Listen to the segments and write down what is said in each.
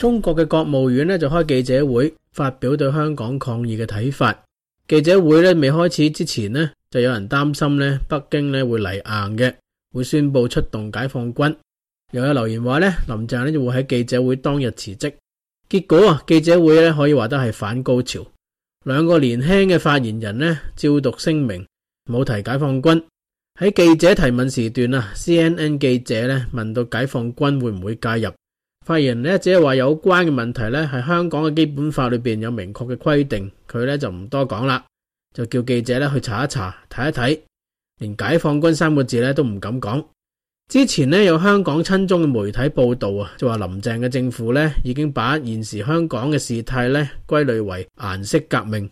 中國嘅國務院咧就開記者會，發表對香港抗議嘅睇法。記者會咧未開始之前呢，就有人擔心咧，北京咧會嚟硬嘅，會宣布出動解放軍。又有留言話咧，林鄭咧就會喺記者會當日辭職。結果啊，記者會咧可以話得係反高潮。兩個年輕嘅發言人呢，照讀聲明，冇提解放軍。喺記者提問時段啊，CNN 記者咧問到解放軍會唔會介入？發言人咧，只係話有關嘅問題咧，係香港嘅基本法裏邊有明確嘅規定，佢咧就唔多講啦，就叫記者咧去查一查，睇一睇，連解放軍三個字咧都唔敢講。之前呢，有香港親中嘅媒體報道啊，就話林鄭嘅政府咧已經把現時香港嘅事態咧歸類為顏色革命。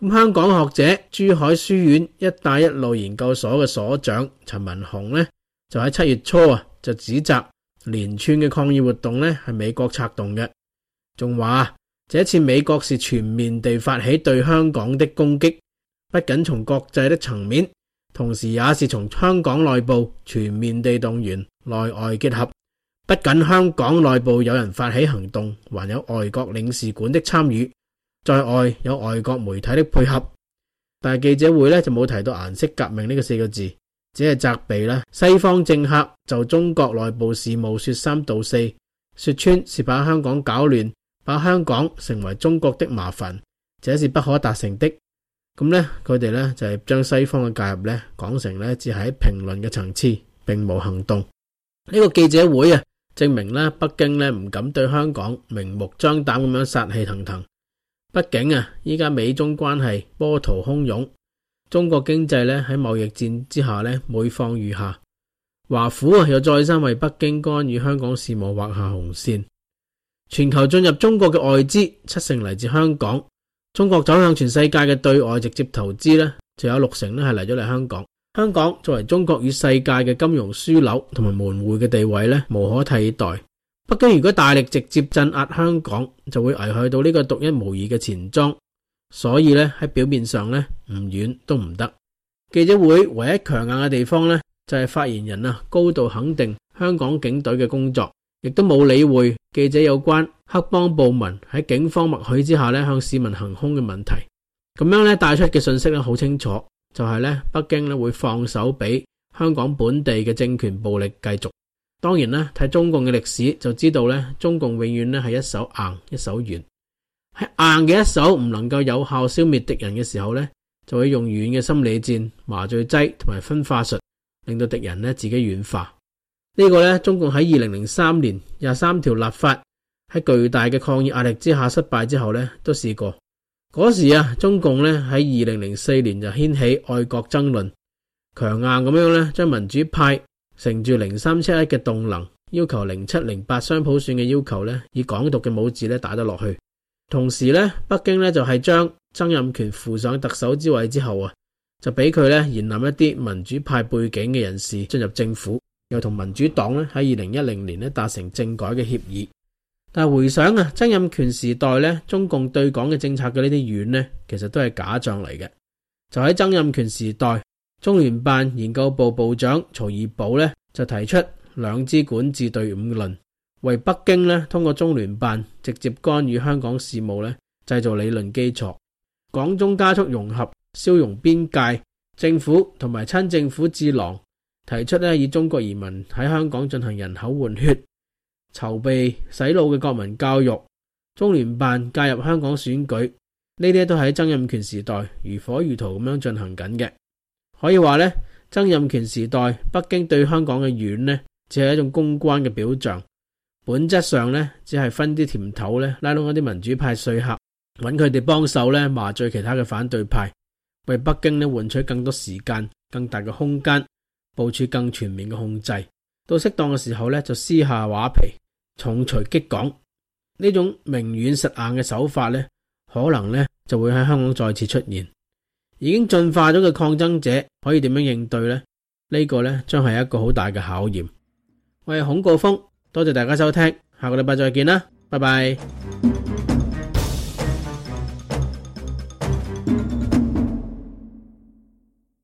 咁香港學者、珠海書院“一帶一路”研究所嘅所長陳文雄咧，就喺七月初啊就指責。連串嘅抗議活動呢係美國策動嘅，仲話這次美國是全面地發起對香港的攻擊，不僅從國際的層面，同時也是從香港內部全面地動員，內外結合。不僅香港內部有人發起行動，還有外國領事館的參與，在外有外國媒體的配合。但係記者會呢，就冇提到顏色革命呢個四個字。只係責備啦，西方政客就中國內部事務說三道四，說穿是把香港搞亂，把香港成為中國的麻煩，這是不可達成的。咁咧，佢哋咧就係、是、將西方嘅介入咧講成咧只係喺評論嘅層次，並冇行動。呢、這個記者會啊，證明咧北京咧唔敢對香港明目張膽咁樣殺氣騰騰。畢竟啊，依家美中關係波濤洶湧。中國經濟咧喺貿易戰之下咧每況愈下，華府啊又再三為北京干預香港事務劃下紅線。全球進入中國嘅外資七成嚟自香港，中國走向全世界嘅對外直接投資咧，就有六成咧係嚟咗嚟香港。香港作為中國與世界嘅金融樞紐同埋門戶嘅地位咧，無可替代。北京如果大力直接鎮壓香港，就會危害到呢個獨一無二嘅錢莊。所以咧喺表面上咧唔軟都唔得。記者會唯一強硬嘅地方咧，就係發言人啊高度肯定香港警隊嘅工作，亦都冇理會記者有關黑幫暴民喺警方默許之下咧向市民行凶嘅問題。咁樣咧帶出嘅信息咧好清楚，就係咧北京咧會放手俾香港本地嘅政權暴力繼續。當然咧睇中共嘅歷史就知道咧，中共永遠咧係一手硬一手軟。喺硬嘅一手唔能夠有效消滅敵人嘅時候呢，就會用軟嘅心理戰、麻醉劑同埋分化術，令到敵人呢自己軟化。呢、呢個呢，中共喺二零零三年廿三條立法喺巨大嘅抗議壓力之下失敗之後呢都試過。嗰時啊，中共呢喺二零零四年就掀起愛國爭論，強硬咁樣呢將民主派乘住零三七一嘅動能，要求零七零八雙普選嘅要求呢以港獨嘅帽子呢打得落去。同時咧，北京咧就係、是、將曾蔭權扶上特首之位之後啊，就俾佢咧延攬一啲民主派背景嘅人士進入政府，又同民主黨咧喺二零一零年咧達成政改嘅協議。但係回想啊，曾蔭權時代咧，中共對港嘅政策嘅呢啲軟咧，其實都係假象嚟嘅。就喺曾蔭權時代，中聯辦研究部部長曹二寶咧就提出兩支管治隊伍論。為北京咧，通過中聯辦直接干預香港事務咧，製造理論基礎。港中加速融合，消融邊界，政府同埋親政府智囊提出咧，以中國移民喺香港進行人口換血，籌備洗腦嘅國民教育，中聯辦介入香港選舉，呢啲都係曾蔭權時代如火如荼咁樣進行緊嘅。可以話咧，曾蔭權時代北京對香港嘅軟呢，只係一種公關嘅表象。本質上咧，只係分啲甜頭咧，拉攏一啲民主派說客，搵佢哋幫手咧，麻醉其他嘅反對派，為北京咧換取更多時間、更大嘅空間，部署更全面嘅控制。到適當嘅時候咧，就撕下畫皮，重錘擊港。呢種明軟實硬嘅手法咧，可能咧就會喺香港再次出現。已經進化咗嘅抗爭者可以點樣應對咧？這個、呢個咧將係一個好大嘅考驗。我係孔誥烽。多謝大家收聽，下個禮拜再見啦，拜拜。